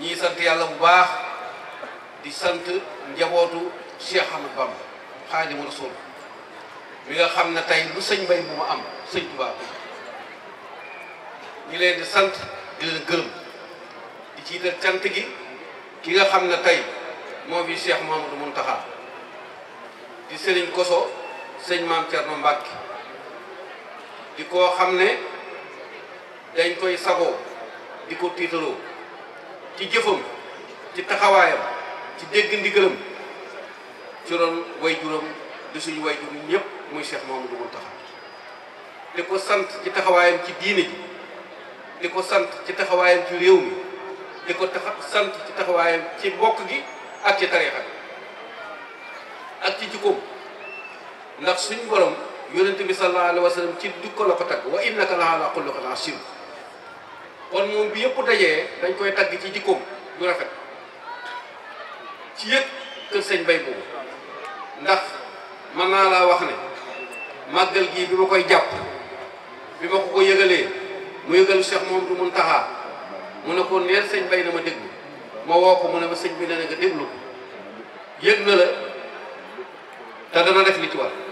ñii sant yàlla bu baax di sant njabootu Cheikh Ahmadou Bamba Xaadimu Rasuul mi nga xam ne tey lu sëñ mbay bu ma am sëñ Tuubaa ñu leen di sant di leen gërëm di ciital cant gi ki nga xam na tey moo fi Cheikh Mouhamadou Mountakha di sëriñ Koso sëñ Maam Thierno Mbacke di koo xam ne dañ koy sagoo di ko tiitaloo ci jëfam ci taxawaayam ci dégg ndigalam ci ron way juróom di suñu way juróom ñëpp muy Cheikh Mamadou Mountakha di ko sant ci taxawaayam ci diine ji di ko sant ci taxawaayam ci réew mi di ko sant ci taxawaayam ci mbokk gi ak ci tariixa bi ak ci jikkoom ndax suñu borom yonente bi sallallahu alayhi wa sallam ci dukko la ko tagg wa innaka la ala xuluqin asim kon moom bi yëpp dajee dañ koy tagg ci jikkoom lu rafet ci yëpp kër sëñ bay boobu ndax mën naa laa wax ne màggal gii bi ma koy jàpp bi ma ko ko yëgalee mu yëgal Cheikh Mouhamadou Mountakha mu ne ko neel sëñ bay na ma déglu ma woo ko mu ne ma sëñ bi ne na nga déglu yëg na la te dana def li ci war